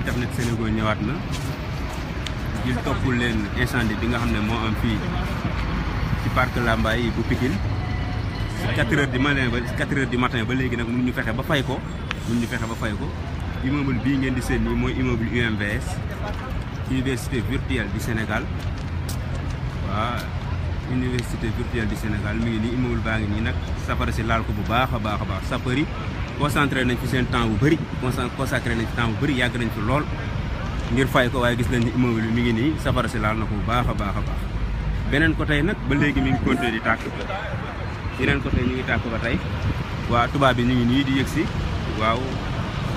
internet Sénégal ñëwaat na ngir leen bi nga am Lambaye bu 4 heures du matin ba 4 heures du matin ba léegi nag ñu fexe ba fay ko ba fay ko immeuble université virtuelle du Sénégal université virtuelle du Sénégal mi ngi a concentré nañ fi seen temps bu bari bëri consacré nañ fi temps bu bëri yàgg nañ fi lool ngir fay ko waaye gis nañ ni immeuble bi mi ngi nii safara si laal na ko bu baax a baax a baax beneen côté nag ba léegi mi ngi continué di tàkk yeneen côté ñu ngi tàkk ba tey waa tubaab bi ñu ngi nii di yëg si waaw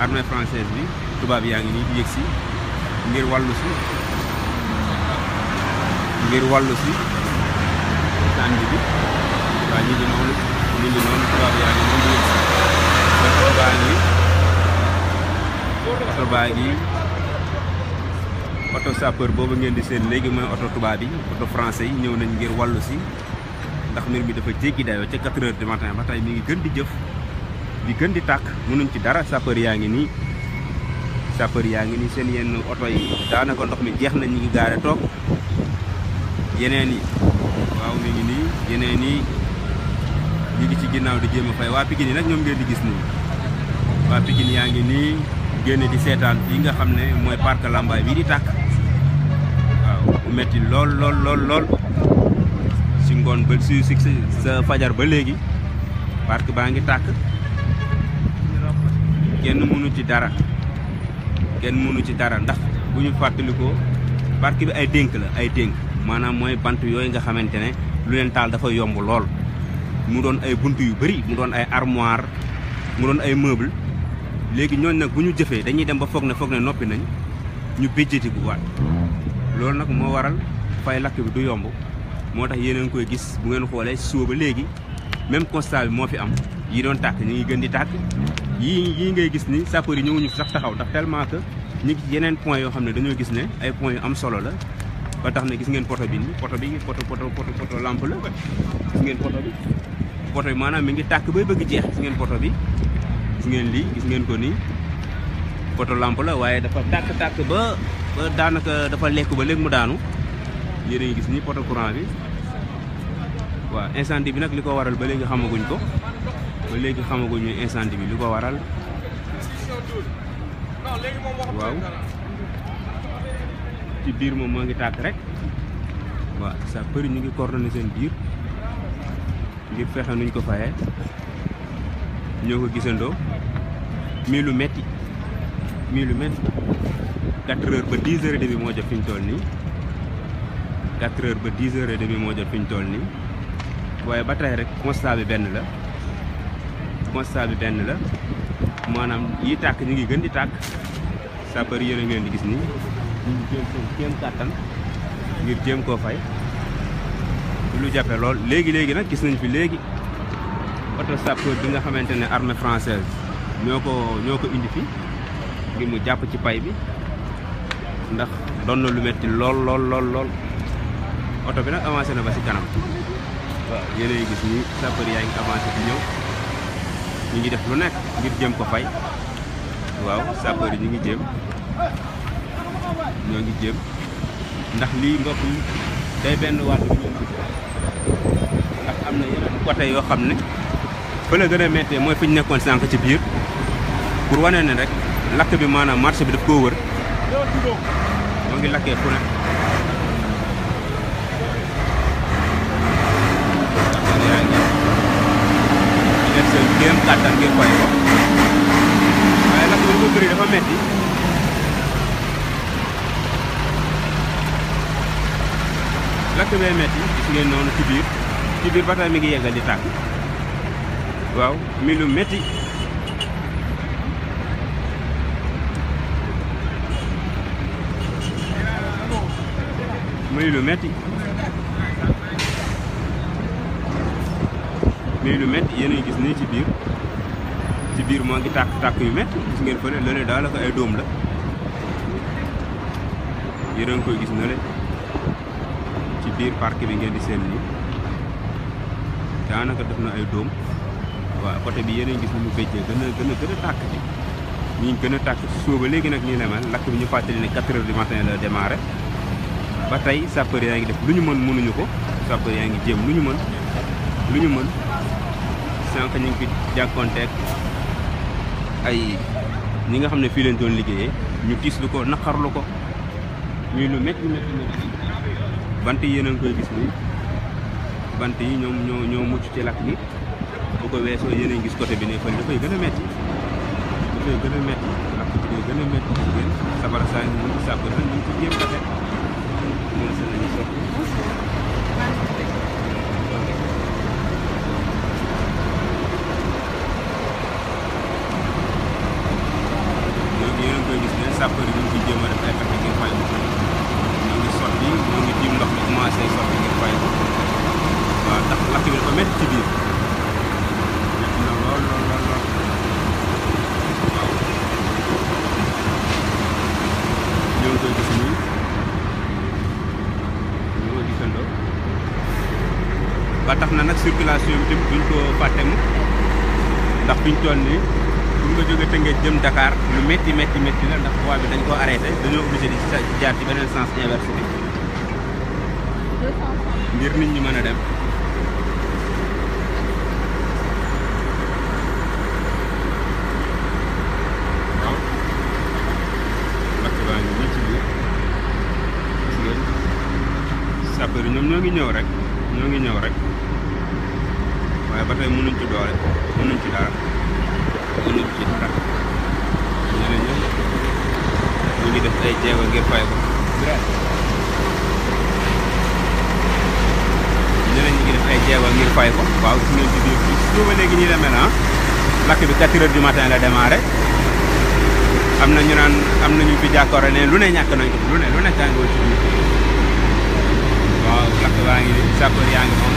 armée française bi tubaab yaa ngi nii di yëg si ngir wàllu si ngir wàllu si tànn bi waa ñu ngi noonu ñu ngi noonu tubaab yaa ngi nii si terbagi terbagi motor bangi oto sapeur boobu ngeen di seen léegi mooy oto tubaab yi oto français yi ñëw nañ ngir wàllu si ndax mbir mi dafa jéggi dayoo ca 4 heures du matin ba tey mi ngi gën di jëf di gën di tàkk mënuñ ci dara sapeur yaa ngi sapeur seen yenn yi ndox mi jeex na ngi yeneen yi waaw mi ngi yeneen yi ñi ngi ci ginnaw di jéem fay wa Pikine nak ñom ñoom ngeen di gis ni wa Pikine ya ngi ni génn di sétane fii nga xam moy parc Lambaye di tak waaw metti lol lol lol lol ci ngone ba ci ci sa fajar ba léegi parc ba ngi tak kenn mënu ci dara kenn mënu ci dara ndax buñu ñu parc bi ay denk la ay denk manam moy bant yoy nga xamantene ne lu leen taal dafa yomb lol mu doon ay bunt yu bëri mu doon ay armoire mu doon ay meuble léegi ñooñ nag bu ñu jëfee dañuy dem ba foog ne foog ne noppi nañ ñu béjjati bu waat loolu nag moo waral fay lakk bi du yomb moo tax yéen a ngi koy gis bu ngeen xoolee suba ba léegi même constat bi moo fi am yi doon tàkk ñu gën di tàkk yii yii ngay gis ni sapeurs yi ñëwuñu sax taxaw ndax tellement que ñu ngi yeneen point yoo xam ne dañoo gis ne ay point yu am solo la ba tax ne gis ngeen poto bi ni poto bi poto poto poto poto lampe la ngeen poto poto bi maanaam mi ngi tak bay bëgg jeex gis ngeen poto bi gis ngeen li gis ngeen ko ni poto lampe la waye dafa tak tak ba ba danaka dafa lekk ba léegi mu daanu yéen gis ni poto courant bi wa incendie bi nak liko waral ba legi xamaguñ ko ba xamaguñ ni incendie bi liko waral waaw ci bir moom mo ngi tak rek wa sa peur ñu ngi coordonner sen bir gi fexe nuñ ko fayee ñoo ko gisandoo lu metti mii lu metti quatre ba dix heures jot fi toll nii quatre ba dix heures jot fi toll nii waaye ba tey rek constat bi benn la constat bi benn la maanaam yi tàkk ñu ngi gën di tàkk sapeur yéen a ngeen di gis nii ñu ngi jéem seen kéem ngir jéem koo fay lu jafe lool léegi léegi nag gis nañ fi léegi oto sapeur bi nga xamante ne armée française ñoo ko ñoo ko indi fi ngir mu jàpp ci pay bi ndax doon na lu metti lool lool lool lool oto bi nag avancé na ba si kanam waaw yéen a gis nii sapeur yaa ngi avancé di ñëw ñu ngi def lu nekk ngir jëm ko fay waaw sapeur yi ñu ngi jéem ñoo ngi jéem ndax lii mbokk yi day benn wàll bu yoo xam ne fa la mooy fi nekkoon sànq ci biir pour wane ne rek lakk bi maanaam marché bi daf koo wër moo ngi lakkee fu ne yaa ngi def seen kéem kàttan ngir lakk bi dafa metti lakk bee metti gis ngeen noonu ci biir ci biir ba mi ngi yegal di tàkk waaw mi lu metti muy lu metti muy lu metti yéen gis nii ci biir ci biir moo ngi tàkk tàkk yu metti gis ngeen fële lële daal la ay dóom la yéen a ngi koy gis na le biir parc bi ngeen di seen ni daanaka def na ay dóom waaw côté bi yeneen gis ni mu béjjee gën a gën a gën a tàkk bi ñu gën a tàkk si suba léegi nag ñu la mel lakk bi ñu fàttali ne 4 heures du matin la démarré ba tey sapeur yaa ngi def lu ñu mën mënuñu ko sapeur yaa ngi jéem lu ñu mën lu ñu mën sànq ñu ngi fi jàkkoonteeg ay ñi nga xam ne fii leen doon liggéeyee ñu tiis lu ko naqarlu ko ñuy lu métti métti métti bant yi yéen koy gis nii bant yi ñoom ñoo ñoo mucc ci lakk bi bu ko weesoo yéen a gis côté bi ne kon dafay gën a metti dafay gën a metti lakk bi day gën a metti jigéen sabara saa ñu mën ci sàpp ñu ci jéem ndax na nag circulation bi tamit duñ ko fàtte mu ndax fiñ toll nii pour nga jóge Tëngéej jëm dakaar lu metti métti métti la ndax voie bi dañ ko arrêté dañoo obligé di jaar ci beneen sens inverse bi ngir nit ñi mën a dem sapeur ñoom ñoo ngi ñëw rek ñoo ngi ñëw rek ba tey mënuñ ci doole mënuñ ci dara mënuñ ci dara ñeneen ñëpp ñu ngi def ay jéego ngir fay ko ñeneen ñi ngi def ay jéego ngir fay ko waaw si ngeen ci biir fii suba léegi ñuy demee na lakk bi 4 heures du matin la démarré am na ñu naan am na ñu fi jàkkoore ne lu ne ñàkk nañ ko lu ne lu ne tàngoor ci biir waaw lakk baa ngi nii sapeur yaa ngi moom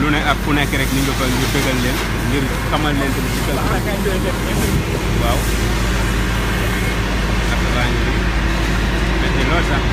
lu ne ak ku nekk rek ni ngi fa ngir dëggal leen ngir xamal leen tamit ci kër waaw ak baa ngi métti lool sax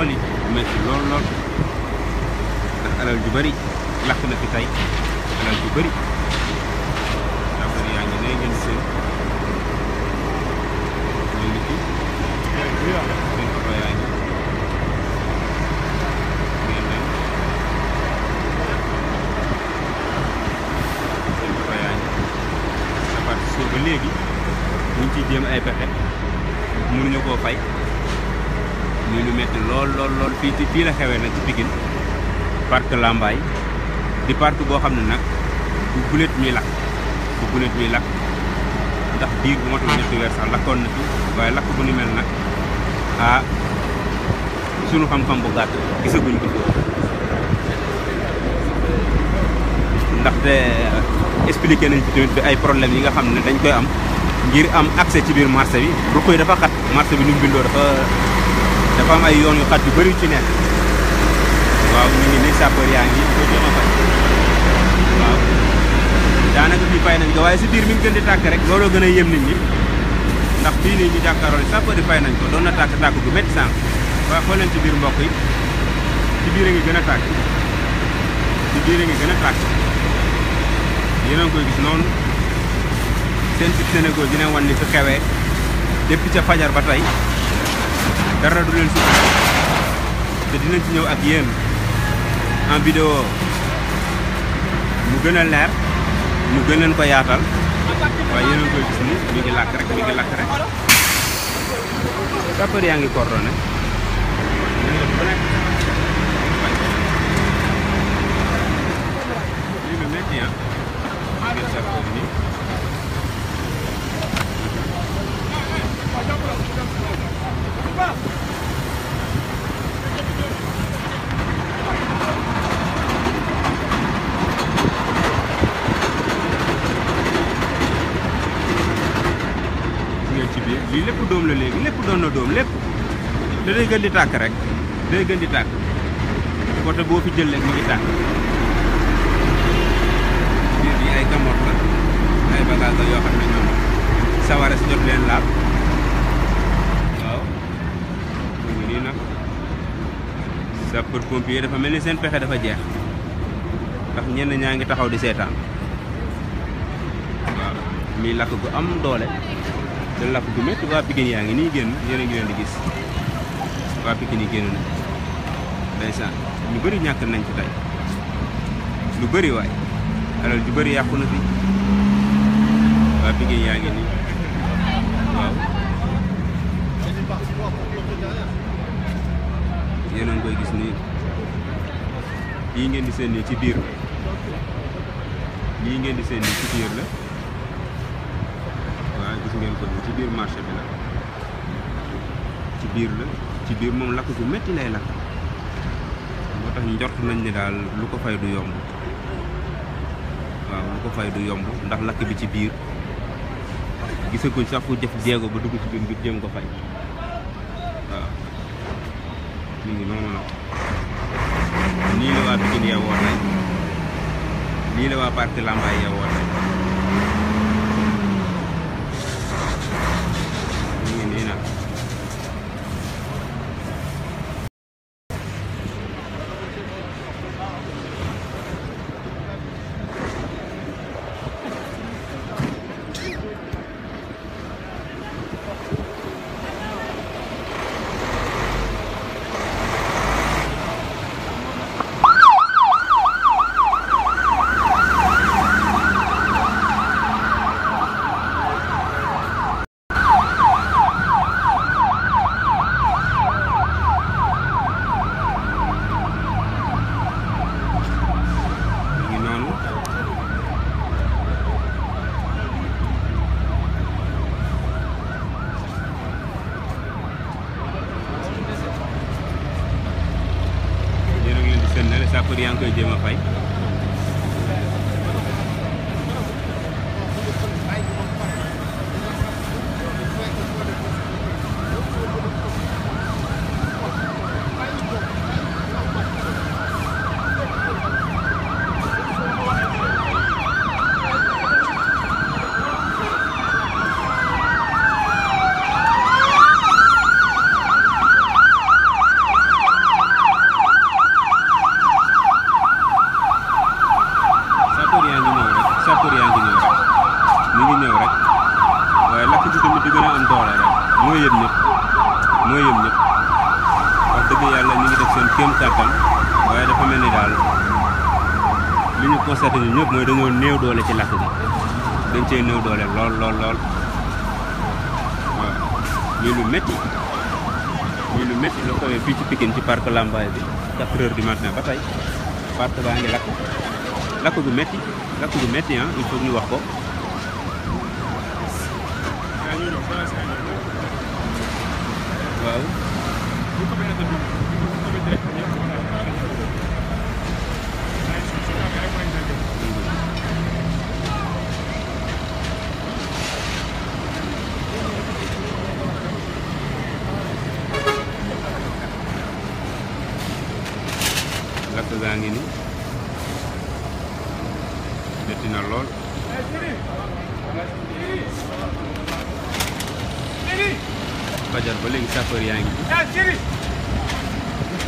البرتقالي ماشي لورنر انا الجبري لا في تاي انا الجبري يعني ناجل سن fii ci fii la xewee nag ci Pikine parc Lambaye di parc boo xam ne nag du gulet muy lakk du gulet muy lakk ndax diir bu matul ñetti weer sax lakkoon na fi waaye lakk bu ni mel nag ah sunu xam-xam bu gàtt gisaguñ ko ndaxte expliqué nañ fi tamit ay problème yi nga xam ne dañ koy am ngir am accès ci biir marché bi ruq yi dafa xat marché bi nu mu dafa dafa ay yoon yu xat yu bëri ci nekk waaw ñu ngi nii sapeur yaa ngi ko daanaka fii fay nañ ko waaye si biir mi ngi gën di tàkk rek looloo gën a yëm nit ñi ndax fii nii ñu jàkkaaroon sapeur yi fay nañ ko doon na tàkk tàkk gu métti sànq waaye xool leen ci biir mbokk yi ci biir a ngi gën a tàkk ci biir a ngi gën a tàkk yéen a koy gis noonu seen site Sénégal dina wan ni fi xewee depuis ca fajar ba tey dara du len ci te dina ci ñew ak yeen en vidéo mu gëna a leer mu gën leen ko yaatal waaye yéen a koy gis ni mi ngi làkk rek mi ngi làkk rek sapeur yaa ngi coordonné Thank you lii lépp doom la léegi lépp doon na doom lépp da day gën di tàkk rek day gën di tàkk côté boo fi jël rek mu ngi tàkk biir bi ay la la ne sapeur pompier dafa melni sen seen pexe dafa jeex ndax ñen ñangi taxaw di sétan wa mi lakk gu am doole te lakk gu metti wa pikin yaangi ni genn génn ngi len di gis wa pikin yi genn na ndeysaan ñu bari ñak nañ ci tay lu bari way alal ju bari yàqu na fi wa pikin yaangi ni nii waaw yéen a ngi koy gis nii lii ngeen di seen nii ci biir la lii ngeen di seen nii ci biir la waaw gis ngeen ko ci biir marché bi la ci biir la ci biir moom lakk gu metti lay lakk moo tax njort nañ ni daal lu ko fay du yomb waaw lu ko fay du yomb ndax lakk bi ci biir gisaguñ sax ku jëf jéego ba dugg ci biir ngir jéem ko fay mi ngi noonu nag nii la waa Pikine yeewoo tey nii la waa parti Lambaye yeewoo dañ cey néew doole lool lool lool ñu lu metti ñu lu metti la koy fi ci Pikine ci parc lambay bi 4 heures du matin ba tay parc ba ngi lakk lakk du metti lakk du metti ah, hein il faut ñu wax ko waaw Palestina lool beling yang yang? sapeur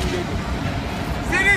Siri. Sini!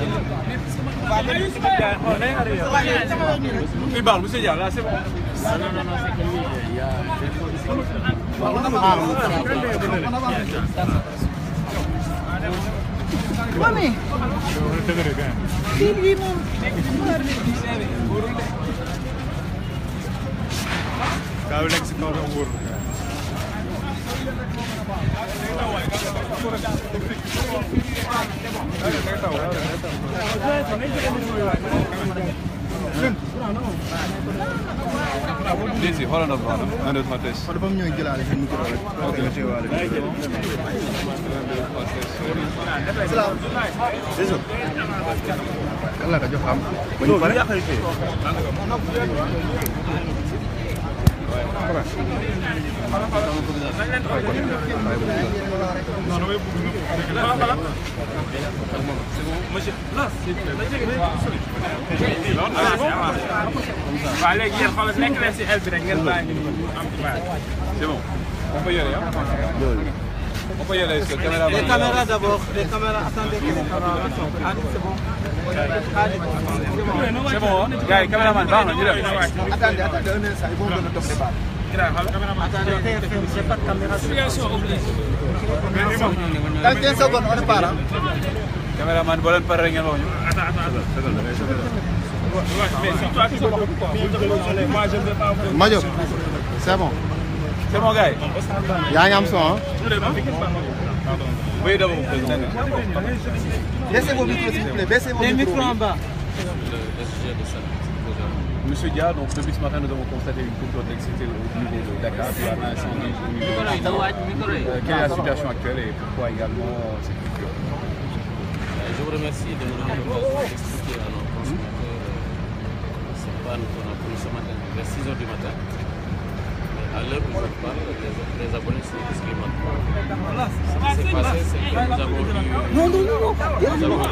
Il parle, monsieur Dia, là c'est bon. Non, non, non, c'est que lui, il y a Mami, bir limon. Kahve eksik kaldı vur. Thank you. Lisi, hold on a minute. And it's not this. What about you? Okay. This one. Allah ka jox am. Bañ pare. waaw léegi yéen xoolal nekk leen si aile bi rek ngeen bàyyi am ci baax c'est bon on peut y aller on peut y aller les caméras les caméras d'abord les caméras attendez que les caméras sont ah c'est bon c'est bon gars yi caméraman baax na ñu dem attendez attendez un instant ils vont donner top départ dans 15 secondes on part ah. caméraman boo leen paree ngeen wax ñu. Majo c'est bon. c'est bon gars yi. yaa ngi am son ah. oui d'abord. Baissez vos micros s'il vous plaît, baissez vos micros. Les micros en Monsieur Dia, donc depuis ce matin, nous avons constaté une coupure d'électricité au niveau de Dakar, euh, Quelle est la situation actuelle et pourquoi également euh, cette euh, Je vous remercie de nous donner à a ce matin, vers 6h du matin. À l'heure où je les, abonnés sont exprimés. Ce qui s'est passé, c'est que nous avons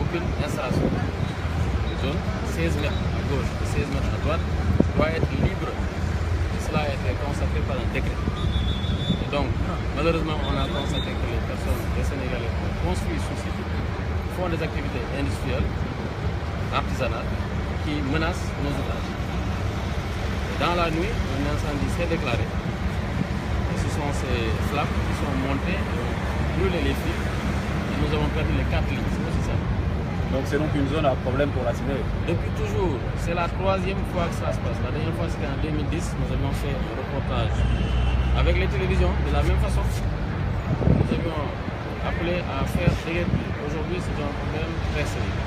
aucune installation. Les zones 16 mètres à gauche et 16 mètres à droite doivent être libres. cela a été constaté par un décret. Et donc, malheureusement, on a constaté que les personnes des Sénégalais ont construit ce site, font des activités industrielles, artisanales, qui menacent nos ouvrages. Dans la nuit, un incendie s'est déclaré. Et ce sont ces flammes qui sont montées, brûlées les fils, et nous avons perdu les quatre lignes. Donc c'est donc une zone à problème pour la Sénélec. Depuis toujours, c'est la troisième fois que ça se passe. La dernière fois c'était en 2010, nous avions fait un reportage avec les télévisions de la même façon. Nous avions appelé à faire des Aujourd'hui c'est un problème très sérieux.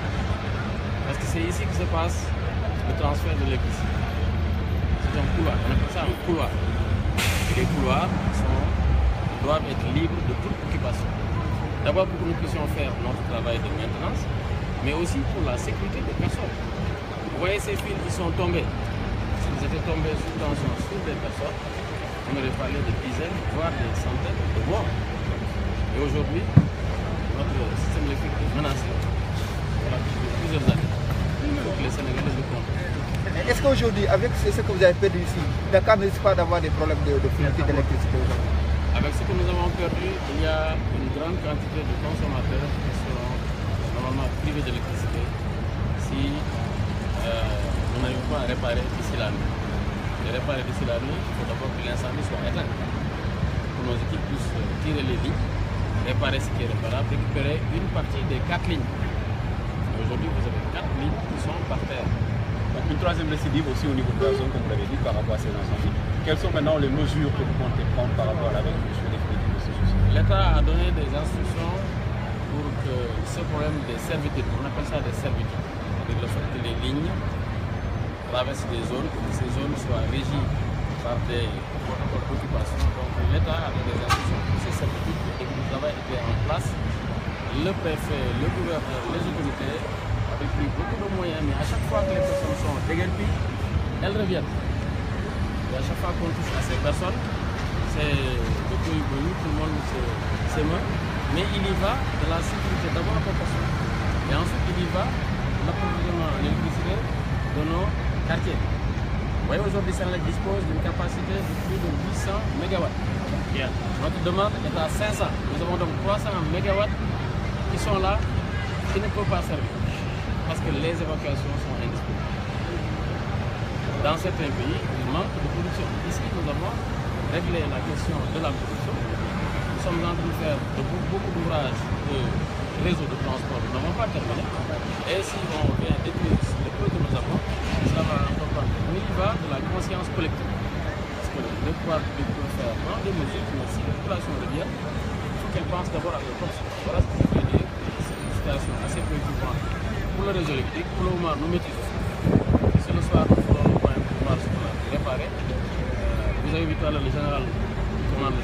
Parce que c'est ici que se passe le transfert de l'électricité. C'est un couloir, on appelle ça un couloir. Et les couloirs doivent être libres de toute occupation. D'abord pour que nous puissions faire notre travail de maintenance, mais aussi pour la sécurité des personnes. Vous voyez ces fils qui sont tombés. S'ils étaient tombés sous tension sur des personnes, on aurait fallu des dizaines, voire des centaines de morts. Et aujourd'hui, notre système électrique est menacé Voilà, la plusieurs années. Donc les Sénégalais le Est-ce qu'aujourd'hui, avec ce que vous avez perdu ici, Dakar ne risque pas d'avoir des problèmes de, de fluidité d'électricité Avec ce que nous avons perdu, il y a une grande quantité de consommateurs privé d'électricité si nous n'arrivons pas à réparer d'ici la nuit. Et réparer d'ici la nuit, il faut d'abord que l'incendie soit éteint pour nos équipes puissent tirer les vies, réparer ce qui est réparable, récupérer une partie des quatre lignes. Aujourd'hui, vous avez quatre lignes qui sont par terre. Donc une troisième récidive aussi au niveau de la zone, comme vous l'avez dit, par rapport à ces incendies. Quelles sont maintenant les mesures que vous comptez prendre par rapport à la des définitive de ces L'État a donné des instructions euh, ce problème des servitudes, on appelle ça des servitudes, avec le fait que les lignes traversent des zones, que ces zones soient régies par des protocoles Donc l'État avec des institutions pour ces servitudes et que le travail était en place, le préfet, le gouverneur, les autorités avaient pris beaucoup de moyens, mais à chaque fois que les personnes sont déguerpies, elles reviennent. Et à chaque fois qu'on touche à ces personnes, c'est depuis tout le monde s'émeut. Mais il y va de la sécurité, d'abord la proportion. Et ensuite, il y va de l'approvisionnement en électricité de nos quartiers. Vous voyez, aujourd'hui, ça dispose d'une capacité de plus de 800 MW. Yeah. Notre demande est à 500. Nous avons donc 300 MW qui sont là, qui ne peuvent pas servir. Parce que les évacuations sont indisponibles. Dans certains pays, il manque de production. Ici, nous avons réglé la question de la production nous sommes en train de faire beaucoup d'ouvrages de réseaux de transport. Nous n'avons pas terminé. Et si on vient détruire le peu que nous avons, ça va encore prendre. Mais il va de la conscience collective. Parce que le pouvoir de peut faire dans des mesures, mais si la population de bien, il faut qu'elle pense d'abord à la Voilà ce que je veux dire. C'est une situation assez préoccupante. Pour le réseau électrique, pour le moment, nous maîtrisons. C'est le soir, nous ferons le point pour pouvoir se réparer. Euh, vous avez vu tout à l'heure le général qui commande le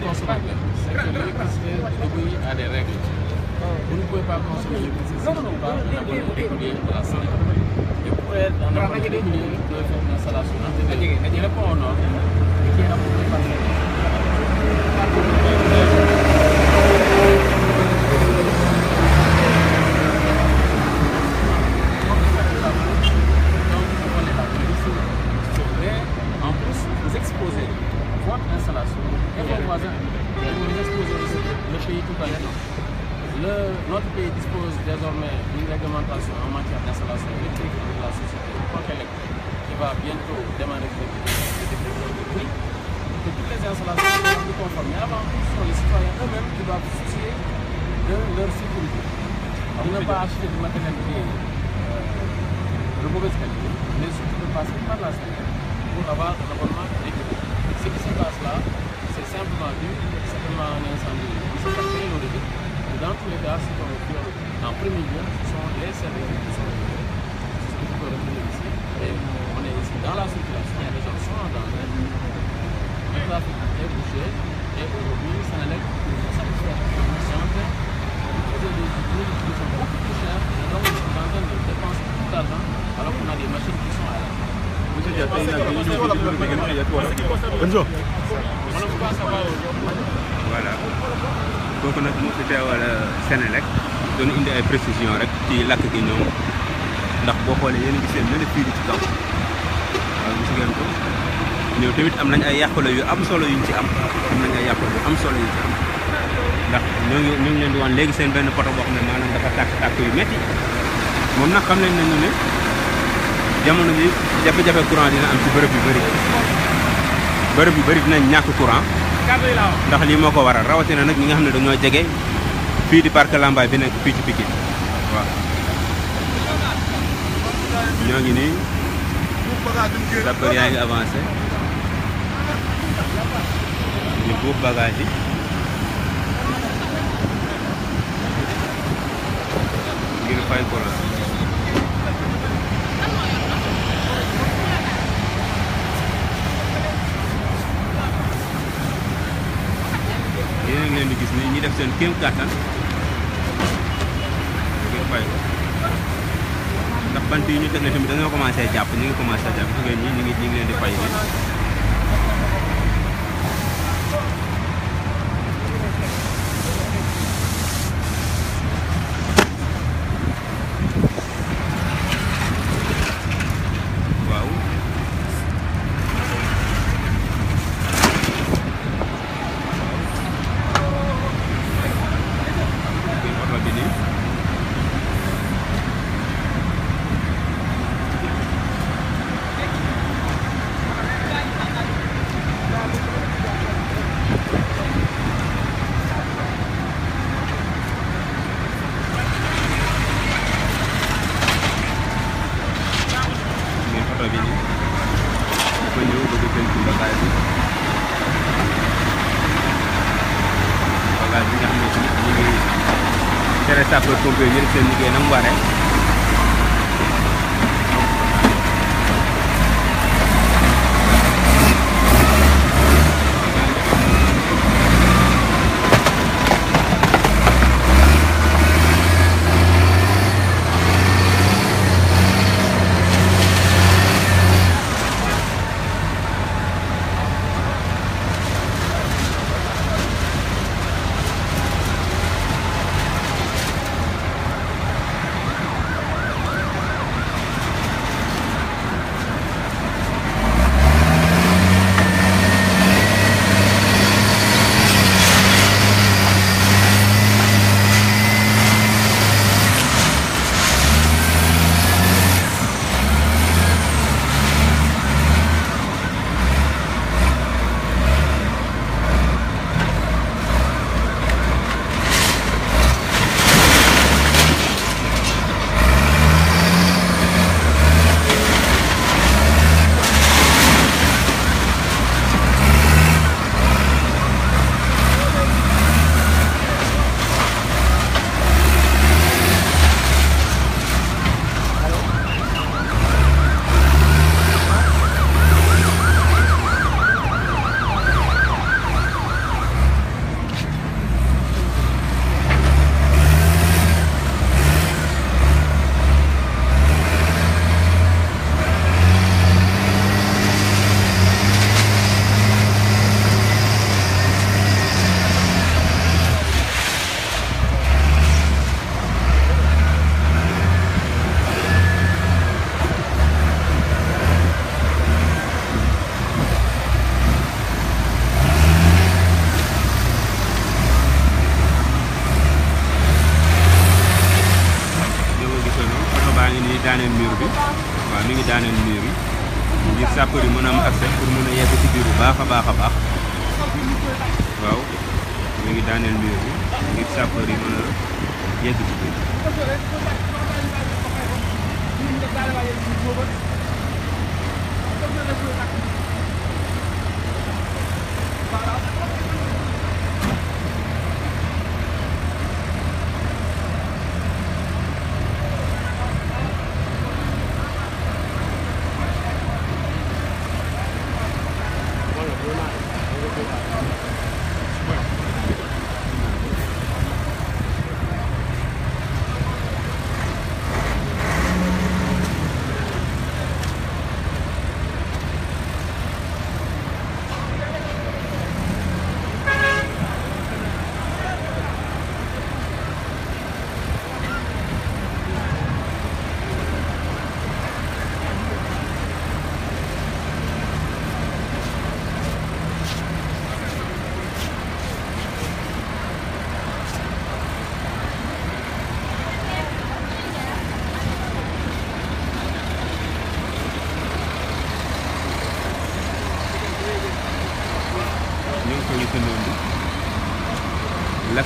consommateur. Obéit à des règles. Vous ne pouvez pas consommer le si vous n'avez pas un abonnement régulier de la salle. Et pour être un abonnement régulier, vous devez faire une installation intégrée qui répond aux normes et qui est approuvée par le dispose désormais une réglementation en matière d'installation électrique de la société électrique qui va bientôt démarrer le développement de prix. Que toutes les installations sont plus conformes. Mais avant ce sont les citoyens eux-mêmes qui doivent soucier de leur sécurité. On ah, ne pas acheter du matériel euh, de mauvaise qualité, mais surtout de passer par la scène pour avoir un abonnement régulier. Ce qui se passe là, c'est simplement dû, simplement un incendie. C'est au début dans tous les cas, ce qu'on veut en premier lieu, ce sont les services qui sont livrés. C'est ce que vous pouvez retrouver ici. Et on est ici dans la circulation, il y a des gens qui sont en danger. Le trafic est bougé et aujourd'hui, ça n'allait l'air que de satisfaction consciente. Utiliser des outils qui sont beaucoup plus chers et donc on est en train de dépenser tout l'argent alors qu'on a des machines qui sont à la Bonjour. Voilà. kooku nag moo fi teewal euh, Senelec doon indi ay précision rek ci lakk gi ñoom ndax boo xoolee yéen a ngi seen mën a fii ci kaw waaw gis ngeen ko ñoom tamit am nañ ay yàqule yu am solo yuñ ci am am nañ yu am solo yuñ ci am ndax ñoo ngi ñu ngi leen di wan léegi seen benn poto boo xam ne maanaam dafa tàkk-tàkk yu métti moom nag xam nañ nañu ne jamono bi jafe-jafe courant dina am ci bërëb yu bëri bërëb yu bëri dinañ ñàkk courant ndax li moko waral rawati na nak ñi nga xamne dañu jégué fi di parc lambay bi nek fi ci pikine waaw ñoo ngi nii da yaa ngi avancé ñu bu bagage yi ngir fay ko la ñu def seen kéem kàttan ngir fay ko ndax bant yi ñu teg na tamit dañoo commencé jàpp ñu ngi commencé jàpp jigéen ñi ñu ngi ñu leen di fay bi sapeur pompier ñoom seen liggéey na mu waree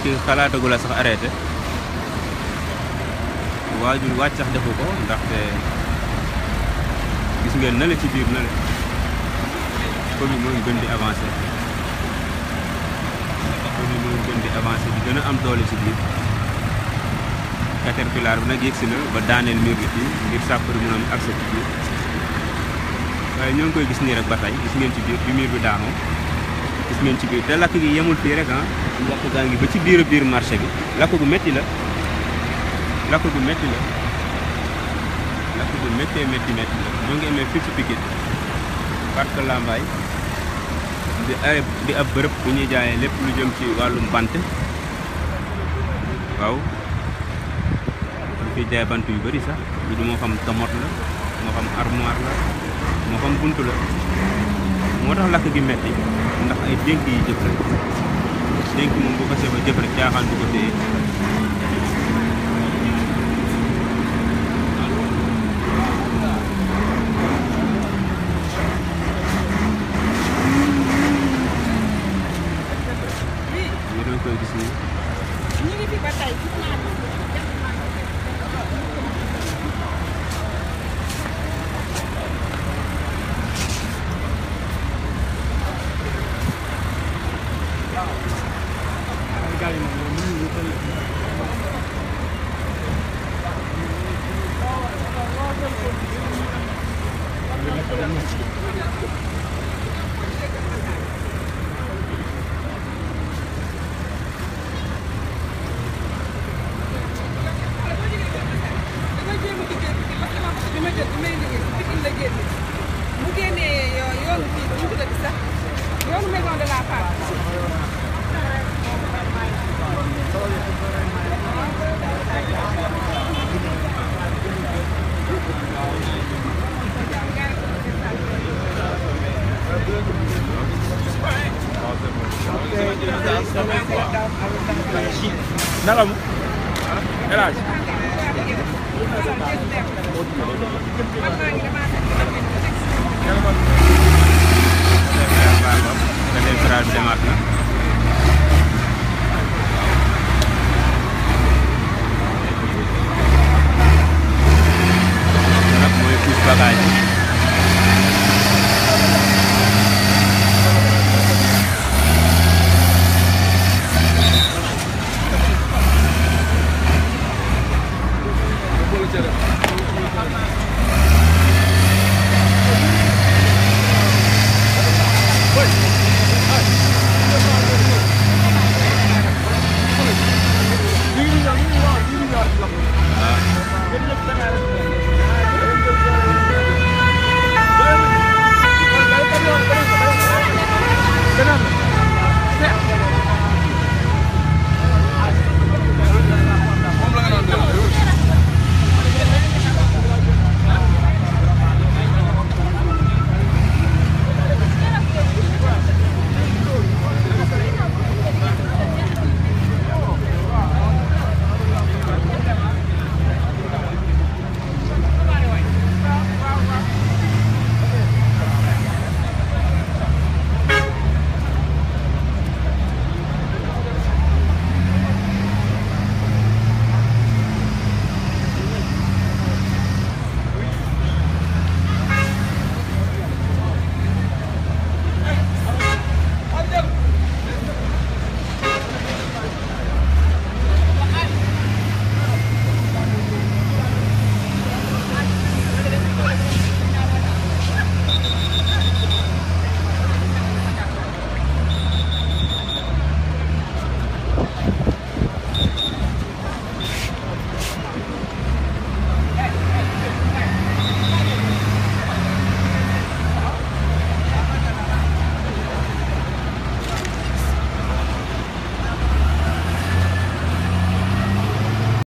ki xalaatagu la sax arrêté waajur wàcc sax defu ko ndaxte gis ngeen na la ci biir na la commune mooy gën di avancé commune mooy gën di avancé bi gën a am doole ci biir caterpillar bi nag yëg si na ba daaneel mur bi fii ngir sàppari mun a am accès biir waaye ñoo ngi koy gis nii rek ba tey gis ngeen ci biir bi mur bi daanoo gis ngeen ci biir te lakk gi yemul fii rek ah lakk gaa ngi ba ci biir biir marché bi lakk gu metti la lakk gu metti la lakk gu méttee metti metti la ñoo ngi amee fii ci piquet parc lambaay di ay di ab bërëb bu ñuy jaayee lépp lu jëm ci wàllum bant waaw ñu fiy jaay bant yu bëri sax bi moo xam tomote la moo xam armoire la moo xam bunt la moo tax lakk gi metti hendak nah, eh, idling di jebret idling tunggu kasih baca berjalan buku di Ini di batai, itu Heimat, ne?